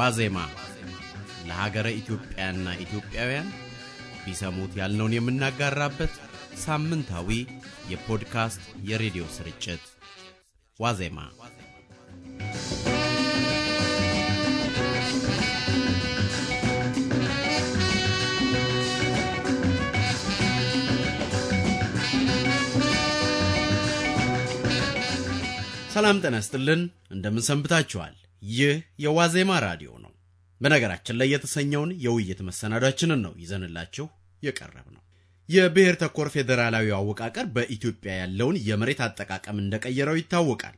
ዋዜማ ለሀገረ ኢትዮጵያና ኢትዮጵያውያን ቢሰሙት ያልነውን የምናጋራበት ሳምንታዊ የፖድካስት የሬዲዮ ስርጭት ዋዜማ። ሰላም ጤና ይስጥልን። እንደምን ሰንብታችኋል? ይህ የዋዜማ ራዲዮ ነው። በነገራችን ላይ የተሰኘውን የውይይት መሰናዷችንን ነው ይዘንላችሁ የቀረብ ነው። የብሔር ተኮር ፌዴራላዊ አወቃቀር በኢትዮጵያ ያለውን የመሬት አጠቃቀም እንደቀየረው ይታወቃል።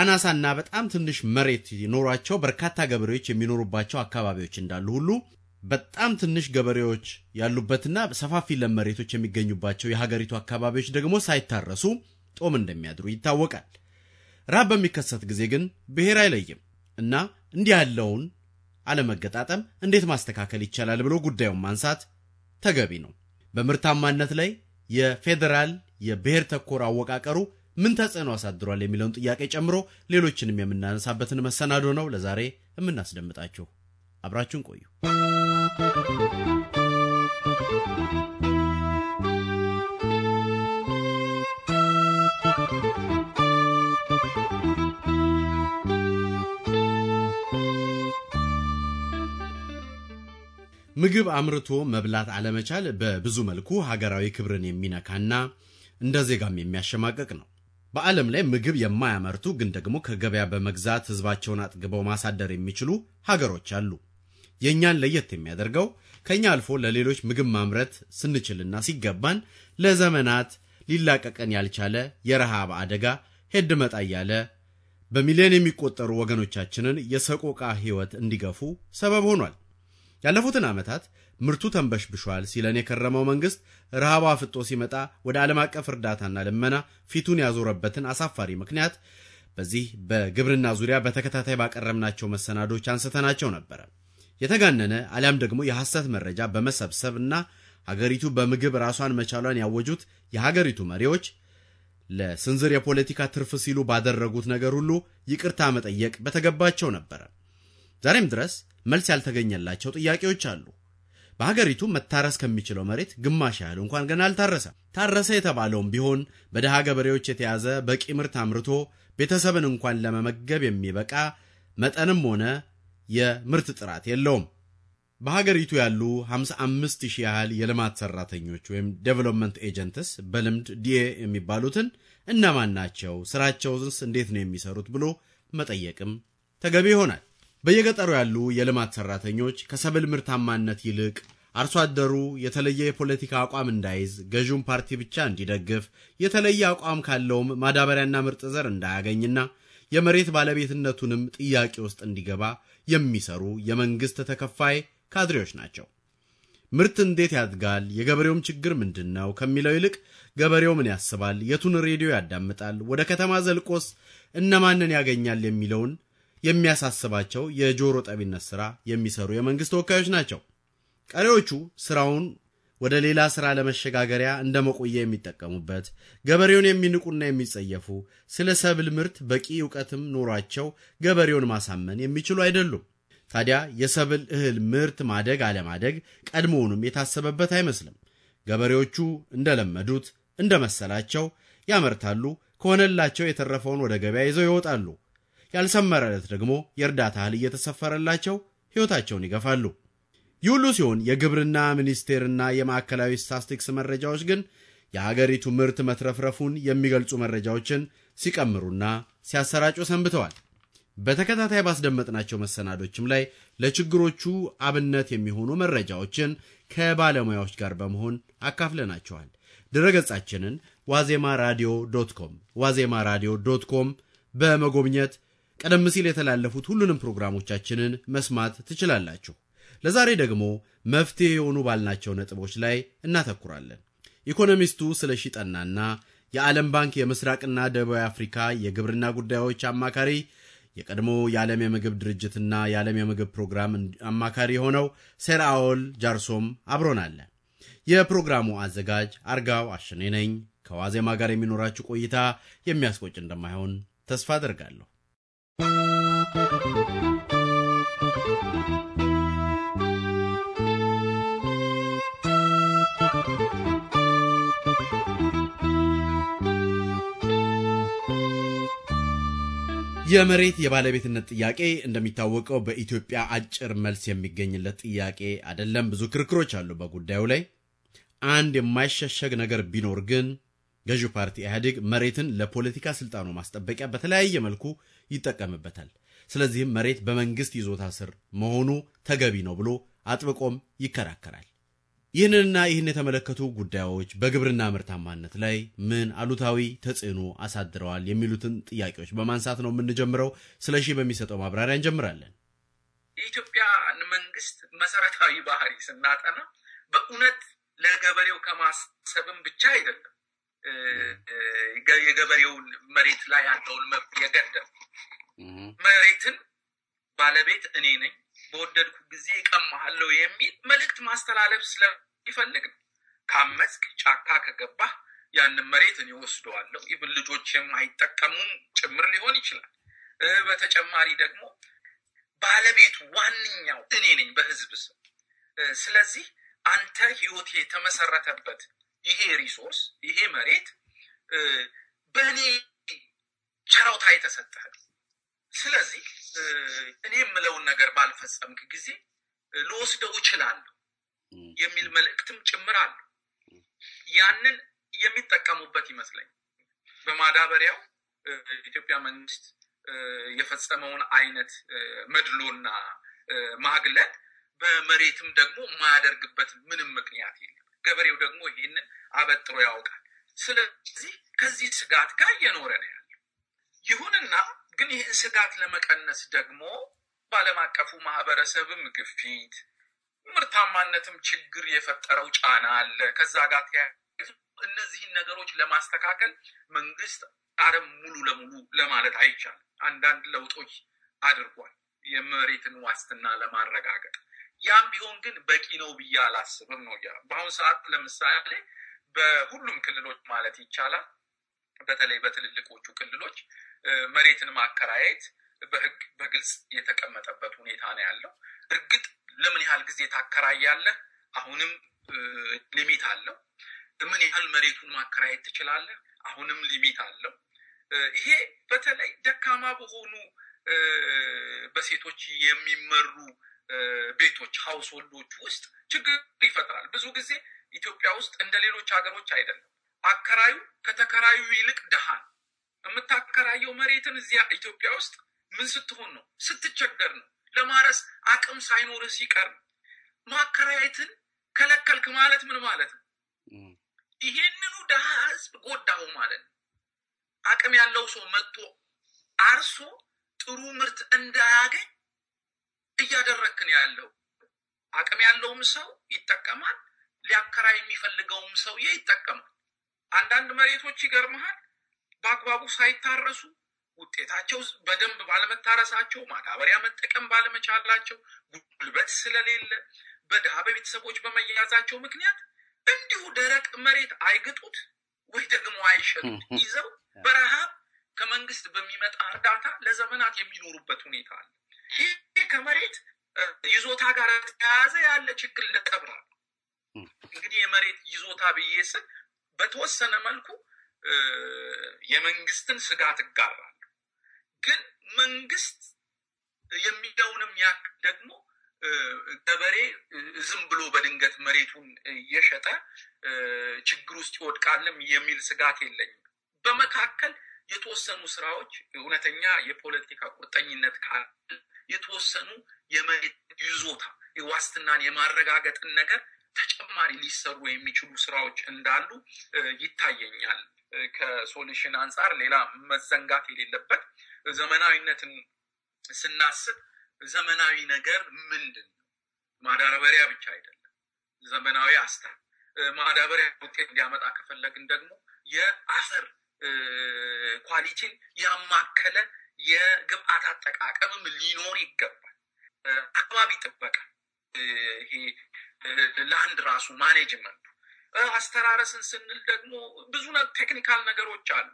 አናሳና በጣም ትንሽ መሬት ይኖሯቸው በርካታ ገበሬዎች የሚኖሩባቸው አካባቢዎች እንዳሉ ሁሉ በጣም ትንሽ ገበሬዎች ያሉበትና ሰፋፊ ለም መሬቶች የሚገኙባቸው የሀገሪቱ አካባቢዎች ደግሞ ሳይታረሱ ጦም እንደሚያድሩ ይታወቃል። ራብ በሚከሰት ጊዜ ግን ብሔር አይለይም። እና እንዲህ ያለውን አለመገጣጠም እንዴት ማስተካከል ይቻላል ብሎ ጉዳዩን ማንሳት ተገቢ ነው። በምርታማነት ላይ የፌዴራል የብሔር ተኮር አወቃቀሩ ምን ተጽዕኖ አሳድሯል የሚለውን ጥያቄ ጨምሮ ሌሎችንም የምናነሳበትን መሰናዶ ነው ለዛሬ የምናስደምጣችሁ። አብራችሁን ቆዩ። ምግብ አምርቶ መብላት አለመቻል በብዙ መልኩ ሀገራዊ ክብርን የሚነካና እንደ ዜጋም የሚያሸማቀቅ ነው። በዓለም ላይ ምግብ የማያመርቱ ግን ደግሞ ከገበያ በመግዛት ህዝባቸውን አጥግበው ማሳደር የሚችሉ ሀገሮች አሉ። የእኛን ለየት የሚያደርገው ከኛ አልፎ ለሌሎች ምግብ ማምረት ስንችልና ሲገባን ለዘመናት ሊላቀቀን ያልቻለ የረሃብ አደጋ ሄድ መጣ እያለ በሚሊዮን የሚቆጠሩ ወገኖቻችንን የሰቆቃ ህይወት እንዲገፉ ሰበብ ሆኗል። ያለፉትን ዓመታት ምርቱ ተንበሽብሿል ሲለን የከረመው መንግስት ረሃቡ አፍጦ ሲመጣ ወደ ዓለም አቀፍ እርዳታና ልመና ፊቱን ያዞረበትን አሳፋሪ ምክንያት በዚህ በግብርና ዙሪያ በተከታታይ ባቀረብናቸው መሰናዶች አንስተናቸው ነበረ። የተጋነነ አሊያም ደግሞ የሐሰት መረጃ በመሰብሰብ እና ሀገሪቱ በምግብ ራሷን መቻሏን ያወጁት የሀገሪቱ መሪዎች ለስንዝር የፖለቲካ ትርፍ ሲሉ ባደረጉት ነገር ሁሉ ይቅርታ መጠየቅ በተገባቸው ነበረ። ዛሬም ድረስ መልስ ያልተገኘላቸው ጥያቄዎች አሉ። በሀገሪቱ መታረስ ከሚችለው መሬት ግማሽ ያህል እንኳን ገና አልታረሰም። ታረሰ የተባለውም ቢሆን በድሃ ገበሬዎች የተያዘ በቂ ምርት አምርቶ ቤተሰብን እንኳን ለመመገብ የሚበቃ መጠንም ሆነ የምርት ጥራት የለውም። በሀገሪቱ ያሉ 55,000 ያህል የልማት ሰራተኞች ወይም ዴቨሎፕመንት ኤጀንትስ በልምድ ዲኤ የሚባሉትን እነማን ናቸው? ስራቸውስ እንዴት ነው የሚሰሩት? ብሎ መጠየቅም ተገቢ ይሆናል። በየገጠሩ ያሉ የልማት ሰራተኞች ከሰብል ምርታማነት ይልቅ አርሶ አደሩ የተለየ የፖለቲካ አቋም እንዳይዝ ገዥውን ፓርቲ ብቻ እንዲደግፍ የተለየ አቋም ካለውም ማዳበሪያና ምርጥ ዘር እንዳያገኝና የመሬት ባለቤትነቱንም ጥያቄ ውስጥ እንዲገባ የሚሰሩ የመንግሥት ተከፋይ ካድሬዎች ናቸው። ምርት እንዴት ያድጋል? የገበሬውም ችግር ምንድን ነው? ከሚለው ይልቅ ገበሬው ምን ያስባል? የቱን ሬዲዮ ያዳምጣል? ወደ ከተማ ዘልቆስ እነማንን ያገኛል? የሚለውን የሚያሳስባቸው የጆሮ ጠቢነት ስራ የሚሰሩ የመንግስት ተወካዮች ናቸው። ቀሪዎቹ ስራውን ወደ ሌላ ስራ ለመሸጋገሪያ እንደ መቆየ የሚጠቀሙበት ገበሬውን የሚንቁና የሚጸየፉ ስለ ሰብል ምርት በቂ እውቀትም ኖሯቸው ገበሬውን ማሳመን የሚችሉ አይደሉም። ታዲያ የሰብል እህል ምርት ማደግ አለማደግ ቀድሞውንም የታሰበበት አይመስልም። ገበሬዎቹ እንደለመዱት እንደመሰላቸው ያመርታሉ። ከሆነላቸው የተረፈውን ወደ ገበያ ይዘው ይወጣሉ። ያልሰመረለት ደግሞ የእርዳታ እህል እየተሰፈረላቸው ሕይወታቸውን ይገፋሉ። ይህ ሁሉ ሲሆን የግብርና ሚኒስቴርና የማዕከላዊ ስታስቲክስ መረጃዎች ግን የአገሪቱ ምርት መትረፍረፉን የሚገልጹ መረጃዎችን ሲቀምሩና ሲያሰራጩ ሰንብተዋል። በተከታታይ ባስደመጥናቸው መሰናዶችም ላይ ለችግሮቹ አብነት የሚሆኑ መረጃዎችን ከባለሙያዎች ጋር በመሆን አካፍለናቸዋል። ድረገጻችንን ዋዜማ ራዲዮ ዶት ኮም ዋዜማ ራዲዮ ዶት ኮም በመጎብኘት ቀደም ሲል የተላለፉት ሁሉንም ፕሮግራሞቻችንን መስማት ትችላላችሁ። ለዛሬ ደግሞ መፍትሄ የሆኑ ባልናቸው ነጥቦች ላይ እናተኩራለን። ኢኮኖሚስቱ ስለሺ ጠናና የዓለም ባንክ የምስራቅና ደቡብ አፍሪካ የግብርና ጉዳዮች አማካሪ የቀድሞ የዓለም የምግብ ድርጅትና የዓለም የምግብ ፕሮግራም አማካሪ የሆነው ሴራኦል ጃርሶም አብሮናለ። የፕሮግራሙ አዘጋጅ አርጋው አሸኔ ነኝ። ከዋዜማ ጋር የሚኖራችሁ ቆይታ የሚያስቆጭ እንደማይሆን ተስፋ አደርጋለሁ። የመሬት የባለቤትነት ጥያቄ እንደሚታወቀው በኢትዮጵያ አጭር መልስ የሚገኝለት ጥያቄ አይደለም። ብዙ ክርክሮች አሉ በጉዳዩ ላይ። አንድ የማይሸሸግ ነገር ቢኖር ግን ገዢው ፓርቲ ኢህአዴግ መሬትን ለፖለቲካ ስልጣኑ ማስጠበቂያ በተለያየ መልኩ ይጠቀምበታል። ስለዚህም መሬት በመንግስት ይዞታ ስር መሆኑ ተገቢ ነው ብሎ አጥብቆም ይከራከራል። ይህንንና ይህን የተመለከቱ ጉዳዮች በግብርና ምርታማነት ላይ ምን አሉታዊ ተጽዕኖ አሳድረዋል የሚሉትን ጥያቄዎች በማንሳት ነው የምንጀምረው። ስለ ሺህ በሚሰጠው ማብራሪያ እንጀምራለን። የኢትዮጵያ መንግስት መሰረታዊ ባህሪ ስናጠና በእውነት ለገበሬው ከማሰብም ብቻ አይደለም የገበሬውን መሬት ላይ ያለውን መብት የገደብ መሬትን ባለቤት እኔ ነኝ፣ በወደድኩ ጊዜ እቀማሃለሁ የሚል መልእክት ማስተላለፍ ስለሚፈልግ ነው። ካመስክ ጫካ ከገባ ያንን መሬት እኔ ወስደዋለሁ። ይብን ልጆች የማይጠቀሙም ጭምር ሊሆን ይችላል። በተጨማሪ ደግሞ ባለቤቱ ዋነኛው እኔ ነኝ በህዝብ ስም። ስለዚህ አንተ ህይወቴ የተመሰረተበት ይሄ ሪሶርስ ይሄ መሬት በእኔ ቸራውታ የተሰጠህ ስለዚህ እኔ የምለውን ነገር ባልፈጸምክ ጊዜ ልወስደው እችላለሁ የሚል መልእክትም ጭምር አለ ያንን የሚጠቀሙበት ይመስለኝ በማዳበሪያው ኢትዮጵያ መንግስት የፈጸመውን አይነት መድሎና ማግለል በመሬትም ደግሞ የማያደርግበት ምንም ምክንያት የለም። ገበሬው ደግሞ ይህንን አበጥሮ ያውቃል። ስለዚህ ከዚህ ስጋት ጋር እየኖረ ነው ያለ። ይሁንና ግን ይህን ስጋት ለመቀነስ ደግሞ በዓለም አቀፉ ማህበረሰብም ግፊት ምርታማነትም ችግር የፈጠረው ጫና አለ። ከዛ ጋር ተያይዞ እነዚህን ነገሮች ለማስተካከል መንግስት አረም ሙሉ ለሙሉ ለማለት አይቻልም። አንዳንድ ለውጦች አድርጓል። የመሬትን ዋስትና ለማረጋገጥ ያም ቢሆን ግን በቂ ነው ብዬ አላስብም ነው። በአሁኑ ሰዓት ለምሳሌ በሁሉም ክልሎች ማለት ይቻላል በተለይ በትልልቆቹ ክልሎች መሬትን ማከራየት በህግ በግልጽ የተቀመጠበት ሁኔታ ነው ያለው። እርግጥ ለምን ያህል ጊዜ ታከራያለህ? አሁንም ሊሚት አለው። ምን ያህል መሬቱን ማከራየት ትችላለህ? አሁንም ሊሚት አለው። ይሄ በተለይ ደካማ በሆኑ በሴቶች የሚመሩ ቤቶች ሀውስሆልዶች ውስጥ ችግር ይፈጥራል። ብዙ ጊዜ ኢትዮጵያ ውስጥ እንደ ሌሎች ሀገሮች አይደለም። አከራዩ ከተከራዩ ይልቅ ድሃ ነው። የምታከራየው መሬትን እዚያ ኢትዮጵያ ውስጥ ምን ስትሆን ነው? ስትቸገር ነው። ለማረስ አቅም ሳይኖር ሲቀር ነው። ማከራየትን ከለከልክ ማለት ምን ማለት ነው? ይሄንኑ ድሃ ህዝብ ጎዳሁ ማለት ነው። አቅም ያለው ሰው መጥቶ አርሶ ጥሩ ምርት እንዳያገኝ እያደረክን ያለው። አቅም ያለውም ሰው ይጠቀማል፣ ሊያከራይ የሚፈልገውም ሰውዬ ይጠቀማል። አንዳንድ መሬቶች ይገርመሃል በአግባቡ ሳይታረሱ ውጤታቸው በደንብ ባለመታረሳቸው ማዳበሪያ መጠቀም ባለመቻላቸው ጉልበት ስለሌለ በድሃ በቤተሰቦች በመያዛቸው ምክንያት እንዲሁ ደረቅ መሬት አይግጡት ወይ ደግሞ አይሸጡት፣ ይዘው በረሃብ ከመንግስት በሚመጣ እርዳታ ለዘመናት የሚኖሩበት ሁኔታ አለ። ይህ ከመሬት ይዞታ ጋር ተያያዘ ያለ ችግር ነጥብ ነው። እንግዲህ የመሬት ይዞታ ብዬ ስል በተወሰነ መልኩ የመንግስትን ስጋት እጋራለሁ። ግን መንግስት የሚለውንም ያክ ደግሞ ገበሬ ዝም ብሎ በድንገት መሬቱን እየሸጠ ችግር ውስጥ ይወድቃልም የሚል ስጋት የለኝም። በመካከል የተወሰኑ ስራዎች እውነተኛ የፖለቲካ ቁርጠኝነት ካለ የተወሰኑ የመሬት ይዞታ ዋስትናን የማረጋገጥን ነገር ተጨማሪ ሊሰሩ የሚችሉ ስራዎች እንዳሉ ይታየኛል። ከሶሉሽን አንጻር ሌላ መዘንጋት የሌለበት ዘመናዊነትን ስናስብ ዘመናዊ ነገር ምንድን ነው? ማዳበሪያ ብቻ አይደለም። ዘመናዊ አስታ ማዳበሪያ ውጤት እንዲያመጣ ከፈለግን ደግሞ የአፈር ኳሊቲን ያማከለ የግብአት አጠቃቀምም ሊኖር ይገባል። አካባቢ ጥበቃ ይሄ ለአንድ ራሱ ማኔጅመንቱ አስተራረስን ስንል ደግሞ ብዙ ቴክኒካል ነገሮች አሉ።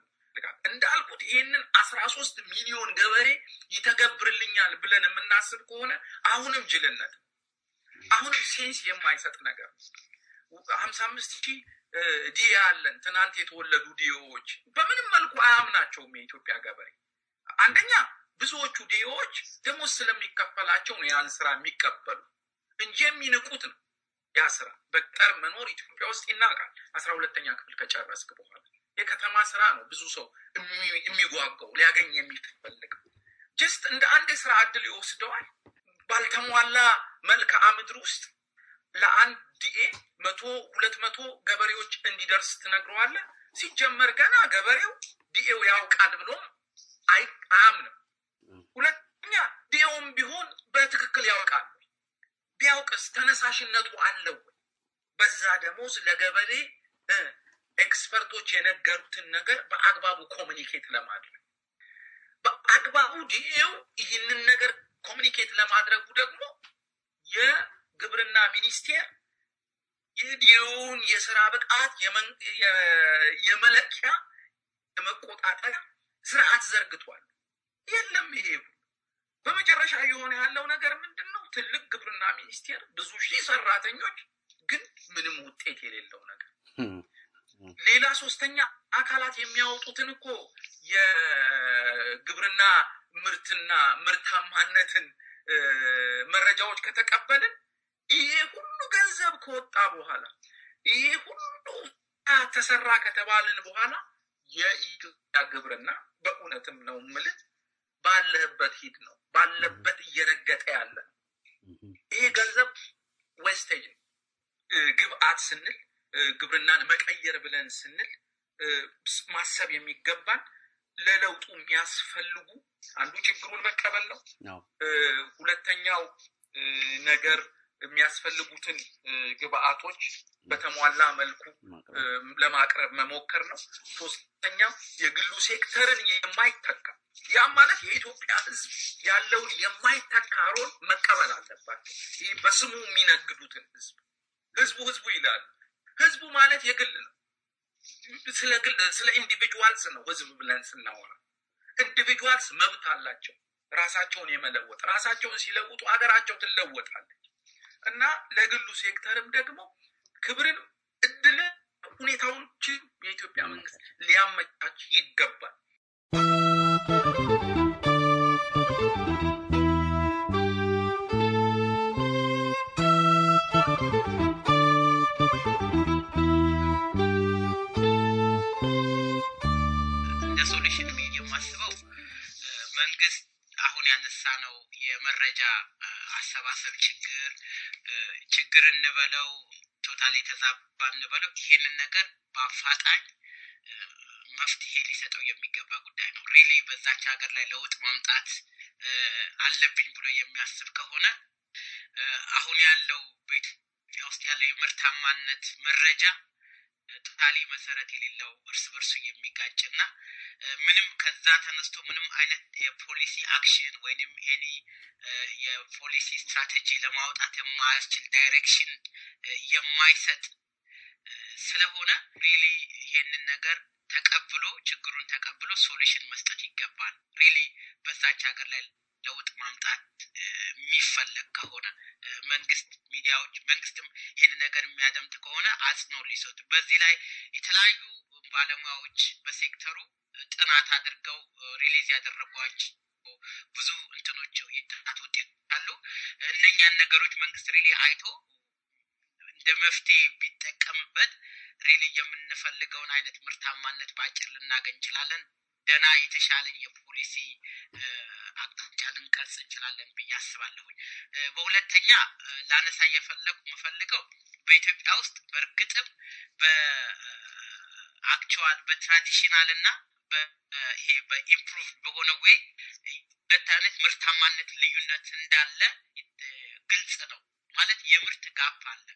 እንዳልኩት ይህንን አስራ ሶስት ሚሊዮን ገበሬ ይተገብርልኛል ብለን የምናስብ ከሆነ አሁንም ጅልነት ነው። አሁንም ሴንስ የማይሰጥ ነገር ሀምሳ አምስት ሺህ ዲ አለን ትናንት የተወለዱ ዲዎች በምንም መልኩ አያምናቸውም የኢትዮጵያ ገበሬ አንደኛ ብዙዎቹ ዲዎች ደሞዝ ስለሚከፈላቸው ነው ያን ስራ የሚቀበሉ እንጂ የሚንቁት ነው። ያ ስራ በቅጠር መኖር ኢትዮጵያ ውስጥ ይናቃል። አስራ ሁለተኛ ክፍል ከጨረስክ በኋላ የከተማ ስራ ነው ብዙ ሰው የሚጓጓው ሊያገኝ የሚፈልገው። ጀስት እንደ አንድ የስራ እድል ይወስደዋል። ባልተሟላ መልክዓ ምድር ውስጥ ለአንድ ዲኤ መቶ ሁለት መቶ ገበሬዎች እንዲደርስ ትነግረዋለ ሲጀመር ገና ገበሬው ዲኤው ያውቃል ብሎም አያምንም። ሁለተኛ ዲያውም ቢሆን በትክክል ያውቃል። ቢያውቅስ ተነሳሽነቱ አለው። በዛ ደሞዝ ለገበሬ ኤክስፐርቶች የነገሩትን ነገር በአግባቡ ኮሚኒኬት ለማድረግ በአግባቡ ዲኤው ይህንን ነገር ኮሚኒኬት ለማድረጉ ደግሞ የግብርና ሚኒስቴር የዲኤውን የስራ ብቃት የመለኪያ የመቆጣጠሪያ ስርዓት ዘርግቷል። የለም ይሄ በመጨረሻ የሆነ ያለው ነገር ምንድን ነው? ትልቅ ግብርና ሚኒስቴር ብዙ ሺህ ሰራተኞች፣ ግን ምንም ውጤት የሌለው ነገር ሌላ ሶስተኛ አካላት የሚያወጡትን እኮ የግብርና ምርትና ምርታማነትን መረጃዎች ከተቀበልን ይሄ ሁሉ ገንዘብ ከወጣ በኋላ ይሄ ሁሉ ተሰራ ከተባልን በኋላ የኢትዮጵያ ግብርና በእውነትም ነው ምልት ባለህበት ሂድ ነው ባለበት እየረገጠ ያለ ይህ ገንዘብ ዌስቴጅ ነው። ግብአት ስንል ግብርናን መቀየር ብለን ስንል ማሰብ የሚገባን ለለውጡ የሚያስፈልጉ አንዱ ችግሩን መቀበል ነው። ሁለተኛው ነገር የሚያስፈልጉትን ግብአቶች በተሟላ መልኩ ለማቅረብ መሞከር ነው። ሶስተኛው የግሉ ሴክተርን የማይተካ ያም ማለት የኢትዮጵያ ሕዝብ ያለውን የማይተካ ሮል መቀበል አለባቸው። ይህ በስሙ የሚነግዱትን ሕዝብ ሕዝቡ ሕዝቡ ይላሉ። ሕዝቡ ማለት የግል ነው። ስለ ግል ስለ ኢንዲቪጁዋልስ ነው ሕዝብ ብለን ስናወራ ኢንዲቪጁዋልስ መብት አላቸው ራሳቸውን የመለወጥ ራሳቸውን ሲለውጡ ሀገራቸው ትለወጣለች እና ለግሉ ሴክተርም ደግሞ ክብርን፣ እድል፣ ሁኔታዎች የኢትዮጵያ መንግስት ሊያመቻች ይገባል። የመረጃ አሰባሰብ ችግር ችግር እንበለው ቶታል የተዛባ የምንበለው ይሄንን ነገር በአፋጣኝ መፍትሄ ሊሰጠው የሚገባ ጉዳይ ነው። ሪሊ በዛች ሀገር ላይ ለውጥ ማምጣት አለብኝ ብሎ የሚያስብ ከሆነ አሁን ያለው በኢትዮጵያ ውስጥ ያለው የምርታማነት መረጃ ጣሊ መሰረት የሌለው እርስ በርሱ የሚጋጭ እና ምንም ከዛ ተነስቶ ምንም አይነት የፖሊሲ አክሽን ወይም ኤኒ የፖሊሲ ስትራቴጂ ለማውጣት የማያስችል ዳይሬክሽን የማይሰጥ ስለሆነ ሪሊ ይሄንን ነገር ተቀብሎ ችግሩን ተቀብሎ ሶሉሽን መስጠት ይገባል። ሪሊ በዛች ሀገር ላይ ለውጥ ማምጣት የሚፈለግ ከሆነ መንግስት ሚዲያዎች መንግስትም ይህን ነገር የሚያደምጥ ከሆነ አጽንኦት ሊሰጡ በዚህ ላይ የተለያዩ ባለሙያዎች በሴክተሩ ጥናት አድርገው ሪሊዝ ያደረጓች ብዙ እንትኖች የጥናት ውጤት አሉ። እነኛን ነገሮች መንግስት ሪሊ አይቶ እንደ መፍትሄ ቢጠቀምበት ሪሊ የምንፈልገውን አይነት ምርታማነት በአጭር ልናገኝ እንችላለን። ደና የተሻለ የፖሊሲ አቅጣጫ ልንቀርጽ እንችላለን ብዬ አስባለሁኝ። በሁለተኛ ላነሳ እየፈለጉ የምፈልገው በኢትዮጵያ ውስጥ በእርግጥም በአክቹዋል በትራዲሽናል እና ይሄ በኢምፕሩቭ በሆነ ወይ ሁለት አይነት ምርታማነት ልዩነት እንዳለ ግልጽ ነው። ማለት የምርት ጋፕ አለ።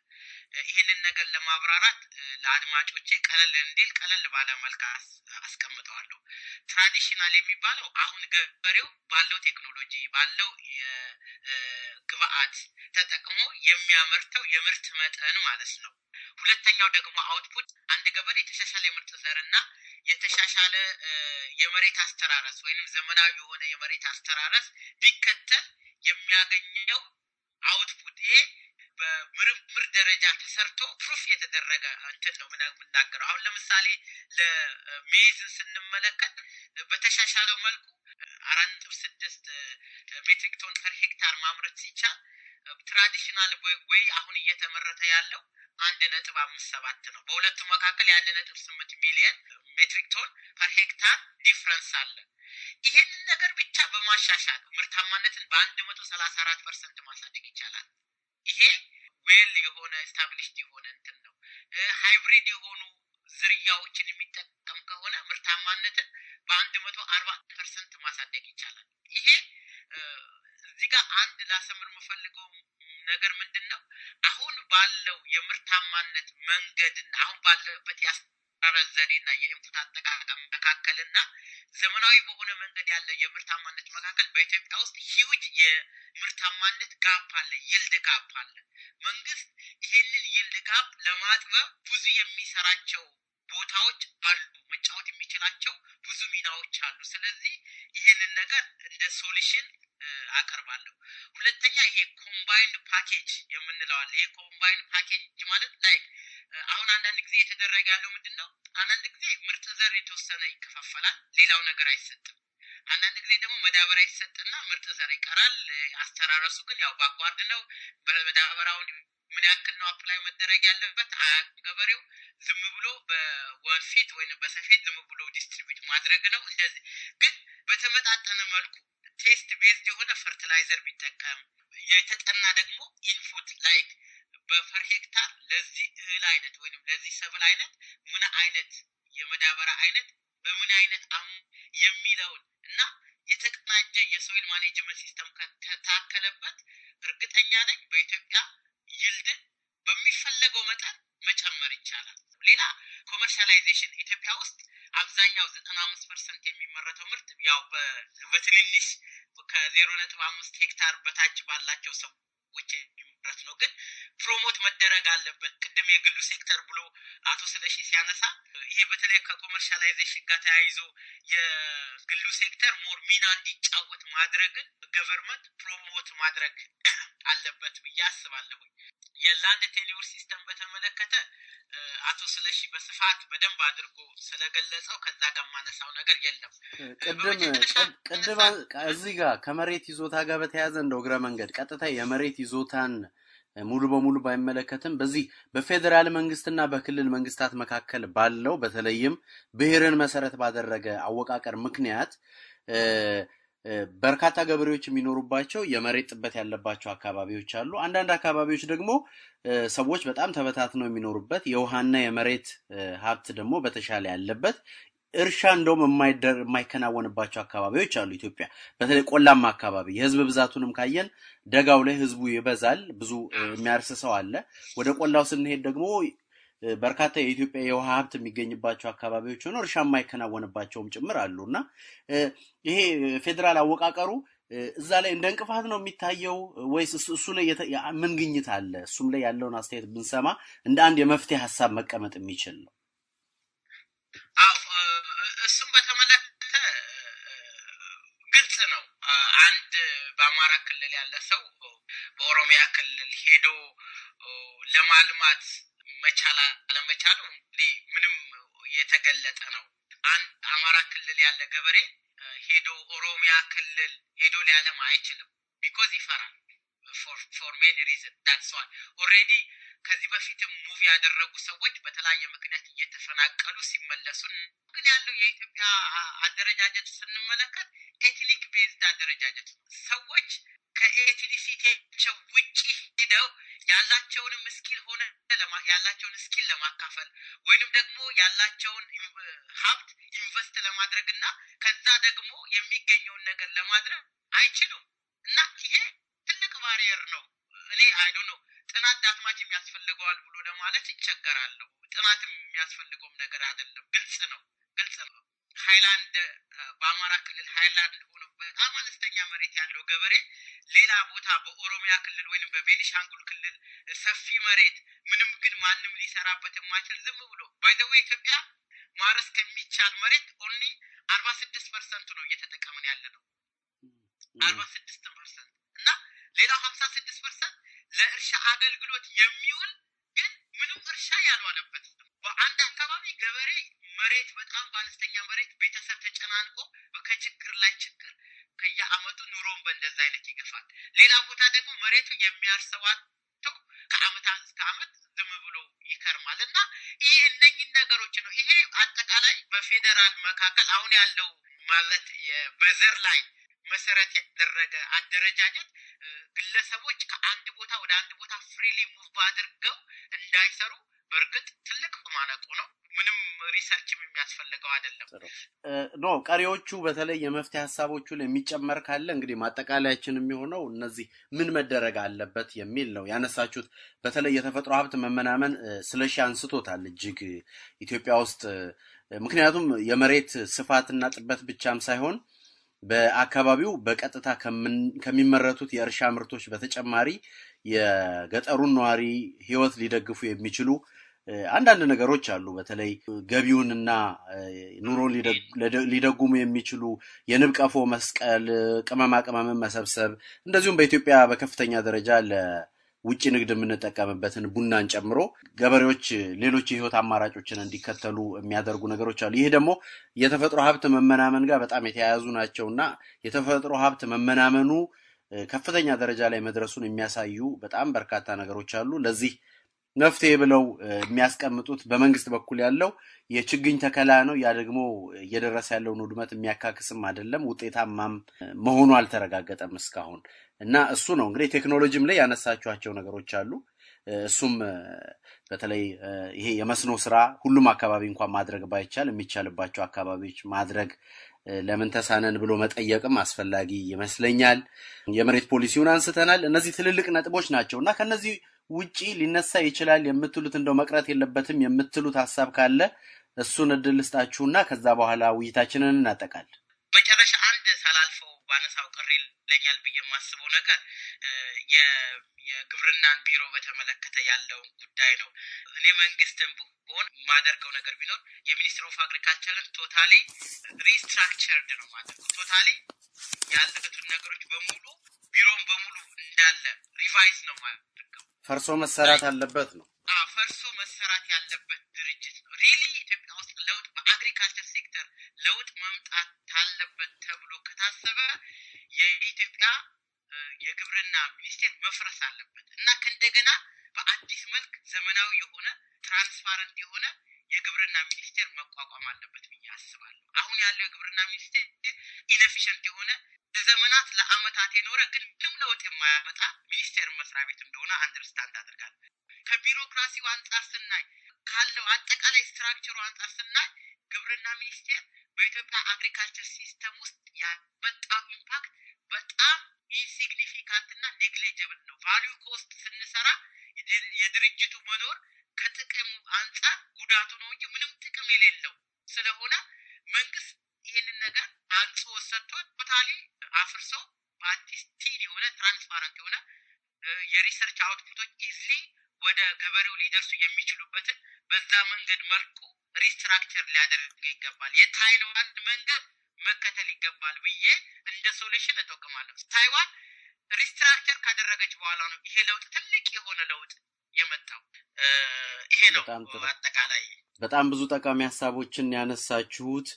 ይህንን ነገር ለማብራራት ለአድማጮቼ ቀለል እንዲል ቀለል ባለ መልክ አስቀምጠዋለሁ። ትራዲሽናል የሚባለው አሁን ገበሬው ባለው ቴክኖሎጂ ባለው ግብአት ተጠቅሞ የሚያመርተው የምርት መጠን ማለት ነው። ሁለተኛው ደግሞ አውትፑት አንድ ገበሬ የተሻሻለ የምርት ዘር እና የተሻሻለ የመሬት አስተራረስ ወይም ዘመናዊ የሆነ የመሬት አስተራረስ ቢከተል የሚያገኘው አውትፑት ይሄ በምርምር ደረጃ ተሰርቶ ፕሩፍ የተደረገ እንትን ነው የምናገረው። አሁን ለምሳሌ ለሜዝን ስንመለከት በተሻሻለው መልኩ አራት ነጥብ ስድስት ሜትሪክ ቶን ፐር ሄክታር ማምረት ሲቻል ትራዲሽናል ወይ አሁን እየተመረተ ያለው አንድ ነጥብ አምስት ሰባት ነው። በሁለቱ መካከል የአንድ ነጥብ ስምንት ሚሊየን ሜትሪክ ቶን ፐር ሄክታር ዲፍረንስ አለ። ይሄንን ነገር ብቻ በማሻሻል ምርታማነትን በአንድ መቶ ሰላሳ አራት ፐርሰንት ማሳደግ ይቻላል። ይሄ ዌል የሆነ ስታብሊሽድ የሆነ እንትን ነው። ሃይብሪድ የሆኑ ዝርያዎችን የሚጠቀም ከሆነ ምርታማነትን በአንድ መቶ አርባ ፐርሰንት ማሳደግ ይቻላል። ይሄ እዚህ ጋር አንድ ላሰምር የምፈልገው ነገር ምንድን ነው አሁን ባለው የምርታማነት መንገድና አሁን ባለበት የአቀራረብ ዘዴና የኢንፑት አጠቃቀም መካከልና ዘመናዊ በሆነ መንገድ ያለ የምርታማነት መካከል በኢትዮጵያ ውስጥ ሂውጅ የምርታማነት ጋፕ አለ፣ ይልድ ጋፕ አለ። መንግስት ይህንን ይልድ ጋፕ ለማጥበብ ብዙ የሚሰራቸው ቦታዎች አሉ፣ መጫወት የሚችላቸው ብዙ ሚናዎች አሉ። ስለዚህ ይህንን ነገር እንደ ሶሉሽን አቀርባለሁ። ሁለተኛ ይሄ ኮምባይንድ ፓኬጅ የምንለዋለ ይሄ ኮምባይንድ ፓኬጅ ማለት ላይክ አሁን አንዳንድ ጊዜ የተደረገ ያለው ምንድን ነው? አንዳንድ ጊዜ ምርጥ ዘር የተወሰነ ይከፋፈላል፣ ሌላው ነገር አይሰጥም። አንዳንድ ጊዜ ደግሞ መዳበሪያ ይሰጥና ምርጥ ዘር ይቀራል። አስተራረሱ ግን ያው ባጓርድ ነው። በመዳበሪያውን ምን ያክል ነው አፕላይ መደረግ ያለበት አያውቅም ገበሬው። ዝም ብሎ በወንፊት ወይም በሰፌት ዝም ብሎ ዲስትሪቢዩት ማድረግ ነው። እንደዚህ ግን በተመጣጠነ መልኩ ቴስት ቤዝድ የሆነ ፈርቲላይዘር ቢጠቀም የተጠና ደግሞ ኢንፉት ላይክ በፈርሄክታር ለዚህ እህል አይነት ወይም ለዚህ ሰብል አይነት ምን አይነት የመዳበሪያ አይነት በምን አይነት አሙ የሚለውን እና የተቀናጀ የሶይል ማኔጅመንት ሲስተም ከተታከለበት እርግጠኛ ነኝ በኢትዮጵያ ይልድን በሚፈለገው መጠን መጨመር ይቻላል። ሌላ ኮመርሻላይዜሽን ኢትዮጵያ ውስጥ አብዛኛው ዘጠና አምስት ፐርሰንት የሚመረተው ምርት ያው በትንንሽ ከዜሮ ነጥብ አምስት ሄክታር በታች ባላቸው ሰዎች ንብረት ነው፣ ግን ፕሮሞት መደረግ አለበት። ቅድም የግሉ ሴክተር ብሎ አቶ ስለሺ ሲያነሳ ይሄ በተለይ ከኮመርሻላይዜሽን ጋር ተያይዞ የግሉ ሴክተር ሞር ሚና እንዲጫወት ማድረግን ገቨርንመንት ፕሮሞት ማድረግ አለበት ብዬ አስባለሁኝ። የላንድ ቴሌር ሲስተም በተመለከተ አቶ ስለሺ በስፋት በደንብ አድርጎ ስለገለጸው ከዛ ጋር ማነሳው ነገር የለም። ቅድም እዚህ ጋር ከመሬት ይዞታ ጋር በተያያዘ እንደ እግረ መንገድ ቀጥታ የመሬት ይዞታን ሙሉ በሙሉ ባይመለከትም በዚህ በፌዴራል መንግስትና በክልል መንግስታት መካከል ባለው በተለይም ብሔርን መሰረት ባደረገ አወቃቀር ምክንያት በርካታ ገበሬዎች የሚኖሩባቸው የመሬት ጥበት ያለባቸው አካባቢዎች አሉ። አንዳንድ አካባቢዎች ደግሞ ሰዎች በጣም ተበታትነው የሚኖሩበት የውሃና የመሬት ሀብት ደግሞ በተሻለ ያለበት እርሻ እንደውም የማይከናወንባቸው አካባቢዎች አሉ። ኢትዮጵያ በተለይ ቆላማ አካባቢ የህዝብ ብዛቱንም ካየን ደጋው ላይ ህዝቡ ይበዛል፣ ብዙ የሚያርስ ሰው አለ። ወደ ቆላው ስንሄድ ደግሞ በርካታ የኢትዮጵያ የውሃ ሀብት የሚገኝባቸው አካባቢዎች ሆኖ እርሻ የማይከናወንባቸውም ጭምር አሉ እና ይሄ ፌዴራል አወቃቀሩ እዛ ላይ እንደ እንቅፋት ነው የሚታየው ወይስ እሱ ላይ ምን ግኝት አለ? እሱም ላይ ያለውን አስተያየት ብንሰማ እንደ አንድ የመፍትሄ ሀሳብ መቀመጥ የሚችል ነው። በአማራ ክልል ያለ ሰው በኦሮሚያ ክልል ሄዶ ለማልማት መቻል አለመቻሉ ምንም የተገለጠ ነው። አንድ አማራ ክልል ያለ ገበሬ ሄዶ ኦሮሚያ ክልል ሄዶ ሊያለም አይችልም። ቢኮዝ ይፈራል ፎር ሜን ሪዝን ዳትስ ዋይ ኦልሬዲ ከዚህ በፊትም ሙቪ ያደረጉ ሰዎች በተለያየ ምክንያት እየተፈናቀሉ ሲመለሱ ግን ያለው የኢትዮጵያ አደረጃጀት ስንመለከት ኤትኒክ ቤዝድ አደረጃጀት ነው። ሰዎች ከኤትኒሲቲያቸው ውጭ ሄደው ያላቸውንም ስኪል ሆነ ያላቸውን ስኪል ለማካፈል ወይንም ደግሞ ያላቸውን ሀብት ኢንቨስት ለማድረግ እና ከዛ ደግሞ የሚገኘውን ነገር ለማድረግ አይችሉም እና ይሄ ትልቅ ባሪየር ነው። እኔ አይዶ ነው ጥናት ዳትማችም ያስፈልገዋል ብሎ ለማለት ይቸገራለሁ። ጥናትም የሚያስፈልገውም ነገር አይደለም። ግልጽ ነው፣ ግልጽ ነው። ሃይላንድ በአማራ ክልል ሃይላንድ ሆኖ በጣም አነስተኛ መሬት ያለው ገበሬ ሌላ ቦታ በኦሮሚያ ክልል ወይም በቤኒሻንጉል ክልል ሰፊ መሬት ምንም ግን ማንም ሊሰራበት የማይችል ዝም ብሎ ባይዘዌ ኢትዮጵያ ማረስ ከሚቻል መሬት ኦንሊ አርባ ስድስት ፐርሰንቱ ነው እየተጠቀምን ያለ ነው። አርባ ስድስት ፐርሰንት እና ሌላው ሀምሳ ስድስት ፐርሰንት ለእርሻ አገልግሎት የሚውል ግን ምንም እርሻ ያልዋለበት በአንድ አካባቢ ገበሬ መሬት በጣም በአነስተኛ መሬት ቤተሰብ ተጨናንቆ ከችግር ላይ ችግር ከየአመቱ ኑሮን በእንደዛ አይነት ይገፋል። ሌላ ቦታ ደግሞ መሬቱ የሚያርሰዋተው ከአመት እስከ አመት ዝም ብሎ ይከርማል እና ይህ እነኝን ነገሮች ነው። ይሄ አጠቃላይ በፌዴራል መካከል አሁን ያለው ማለት በዘር ላይ መሰረት ያደረገ አደረጃጀት ግለሰቦች ከአንድ ቦታ ወደ አንድ ቦታ ፍሪሊ ሙቭ አድርገው እንዳይሰሩ በእርግጥ ትልቅ ማነቁ ነው። ምንም ሪሰርችም የሚያስፈልገው አይደለም። ኖ ቀሪዎቹ በተለይ የመፍትሄ ሀሳቦቹ ላይ የሚጨመር ካለ እንግዲህ ማጠቃለያችን የሚሆነው እነዚህ ምን መደረግ አለበት የሚል ነው። ያነሳችሁት በተለይ የተፈጥሮ ሀብት መመናመን ስለሺ አንስቶታል እጅግ ኢትዮጵያ ውስጥ ምክንያቱም የመሬት ስፋትና ጥበት ብቻም ሳይሆን በአካባቢው በቀጥታ ከሚመረቱት የእርሻ ምርቶች በተጨማሪ የገጠሩን ነዋሪ ሕይወት ሊደግፉ የሚችሉ አንዳንድ ነገሮች አሉ። በተለይ ገቢውንና ኑሮን ሊደጉሙ የሚችሉ የንብ ቀፎ መስቀል፣ ቅመማ ቅመምን መሰብሰብ እንደዚሁም በኢትዮጵያ በከፍተኛ ደረጃ ውጭ ንግድ የምንጠቀምበትን ቡናን ጨምሮ ገበሬዎች ሌሎች የህይወት አማራጮችን እንዲከተሉ የሚያደርጉ ነገሮች አሉ። ይሄ ደግሞ የተፈጥሮ ሀብት መመናመን ጋር በጣም የተያያዙ ናቸው እና የተፈጥሮ ሀብት መመናመኑ ከፍተኛ ደረጃ ላይ መድረሱን የሚያሳዩ በጣም በርካታ ነገሮች አሉ። ለዚህ መፍትሄ ብለው የሚያስቀምጡት በመንግስት በኩል ያለው የችግኝ ተከላ ነው። ያ ደግሞ እየደረሰ ያለውን ውድመት የሚያካክስም አይደለም፣ ውጤታማም መሆኑ አልተረጋገጠም እስካሁን። እና እሱ ነው እንግዲህ ቴክኖሎጂም ላይ ያነሳችኋቸው ነገሮች አሉ። እሱም በተለይ ይሄ የመስኖ ስራ ሁሉም አካባቢ እንኳን ማድረግ ባይቻል የሚቻልባቸው አካባቢዎች ማድረግ ለምን ተሳነን ብሎ መጠየቅም አስፈላጊ ይመስለኛል። የመሬት ፖሊሲውን አንስተናል። እነዚህ ትልልቅ ነጥቦች ናቸው እና ከነዚህ ውጪ ሊነሳ ይችላል የምትሉት እንደው መቅረት የለበትም የምትሉት ሀሳብ ካለ እሱን እድል ልስጣችሁና ከዛ በኋላ ውይይታችንን እናጠቃል። መጨረሻ አንድ ሳላልፈው ባነሳው ቅር ይለኛል ብዬ የማስበው ነገር የግብርናን ቢሮ በተመለከተ ያለውን ጉዳይ ነው። እኔ መንግስትን ብሆን የማደርገው ነገር ቢኖር የሚኒስትር ኦፍ አግሪካልቸርን ቶታሊ ሪስትራክቸርድ ነው ማደርገው። ቶታሊ ያለበትን ነገሮች በሙሉ ቢሮውን በሙሉ እንዳለ ሪቫይዝ ነው ማድርገው። ፈርሶ መሰራት አለበት ነው ፈርሶ መሰራት ያለበት ድርጅት ነው ሪሊ ለውጥ በአግሪካልቸር ሴክተር ለውጥ መምጣት ታለበት ተብሎ ከታሰበ የኢትዮጵያ የግብርና ሚኒስቴር መፍረስ አለበት እና ከእንደገና በአዲስ መልክ ዘመናዊ የሆነ ትራንስፓረንት የሆነ የግብርና ሚኒስቴር መቋቋም አለበት ብዬ አስባለሁ። አሁን ያለው የግብርና ሚኒስቴር ኢነፊሽንት የሆነ ለዘመናት ለአመታት የኖረ ግን ምንም ለውጥ የማያመጣ ሚኒስቴር መስሪያ ቤት እንደሆነ አንደርስታንድ አድርጋለሁ። ከቢሮክራሲው አንጻር ስናይ ካለው አጠቃላይ ስትራክቸሩ አንጻር ስናይ ግብርና ሚኒስቴር በኢትዮጵያ አግሪካልቸር ሲስተም ውስጥ ያመጣው ኢምፓክት በጣም ኢንሲግኒፊካንት እና ኔግሌጀብል ነው። ቫሉ ኮስት ስንሰራ የድርጅቱ መኖር ከጥቅሙ አንጻር ጉዳቱ ነው እንጂ ምንም ጥቅም የሌለው ስለሆነ መንግስት ይህንን ነገር አንጽ ሰጥቶት ቶታሊ አፍርሶ በአዲስ ቲን የሆነ ትራንስፓረንት የሆነ የሪሰርች አውትፑቶች ኢዝሊ ወደ ገበሬው ሊደርሱ የሚችሉበትን በዛ መንገድ መልኩ ሪስትራክቸር ሊያደርግ ይገባል። የታይዋን መንገድ መከተል ይገባል ብዬ እንደ ሶሉሽን እጠቅማለሁ። ታይዋን ሪስትራክቸር ካደረገች በኋላ ነው ይሄ ለውጥ ትልቅ የሆነ ለውጥ የመጣው። ይሄ ነው አጠቃላይ። በጣም ብዙ ጠቃሚ ሀሳቦችን ያነሳችሁት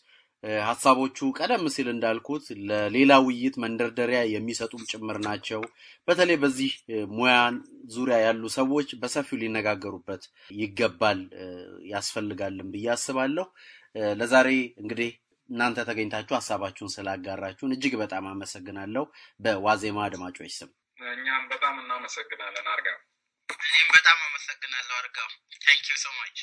ሀሳቦቹ ቀደም ሲል እንዳልኩት ለሌላ ውይይት መንደርደሪያ የሚሰጡም ጭምር ናቸው። በተለይ በዚህ ሙያን ዙሪያ ያሉ ሰዎች በሰፊው ሊነጋገሩበት ይገባል ያስፈልጋልም ብዬ አስባለሁ። ለዛሬ እንግዲህ እናንተ ተገኝታችሁ ሀሳባችሁን ስላጋራችሁን እጅግ በጣም አመሰግናለሁ። በዋዜማ አድማጮች ስም እኛም በጣም እናመሰግናለን አርጋው። እኔም በጣም አመሰግናለሁ አርጋው። ታንኪዩ ሶ ማች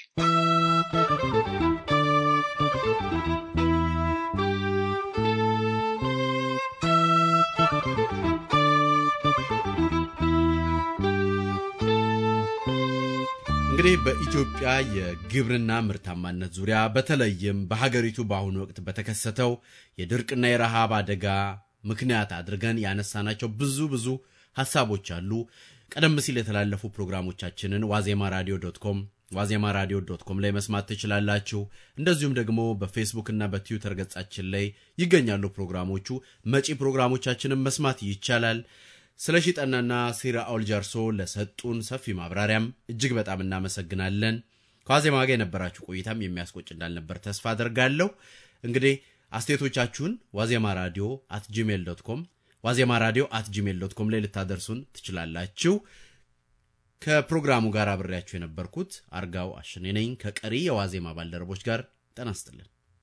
እንግዲህ በኢትዮጵያ የግብርና ምርታማነት ዙሪያ በተለይም በሀገሪቱ በአሁኑ ወቅት በተከሰተው የድርቅና የረሃብ አደጋ ምክንያት አድርገን ያነሳናቸው ብዙ ብዙ ሀሳቦች አሉ። ቀደም ሲል የተላለፉ ፕሮግራሞቻችንን ዋዜማ ራዲዮ ዶት ኮም ዋዜማ ራዲዮ ዶት ኮም ላይ መስማት ትችላላችሁ። እንደዚሁም ደግሞ በፌስቡክ እና በትዊተር ገጻችን ላይ ይገኛሉ ፕሮግራሞቹ። መጪ ፕሮግራሞቻችንን መስማት ይቻላል። ስለ ሺጠናና ሲራ አውልጃርሶ ለሰጡን ሰፊ ማብራሪያም እጅግ በጣም እናመሰግናለን። ከዋዜማ ጋር የነበራችሁ ቆይታም የሚያስቆጭ እንዳልነበር ተስፋ አደርጋለሁ። እንግዲህ አስተያየቶቻችሁን ዋዜማ ራዲዮ አት ጂሜል ዶት ኮም ዋዜማ ራዲዮ አት ጂሜል ዶት ኮም ላይ ልታደርሱን ትችላላችሁ። ከፕሮግራሙ ጋር አብሬያችሁ የነበርኩት አርጋው አሸኔ ነኝ። ከቀሪ የዋዜማ ባልደረቦች ጋር ጤና ይስጥልን።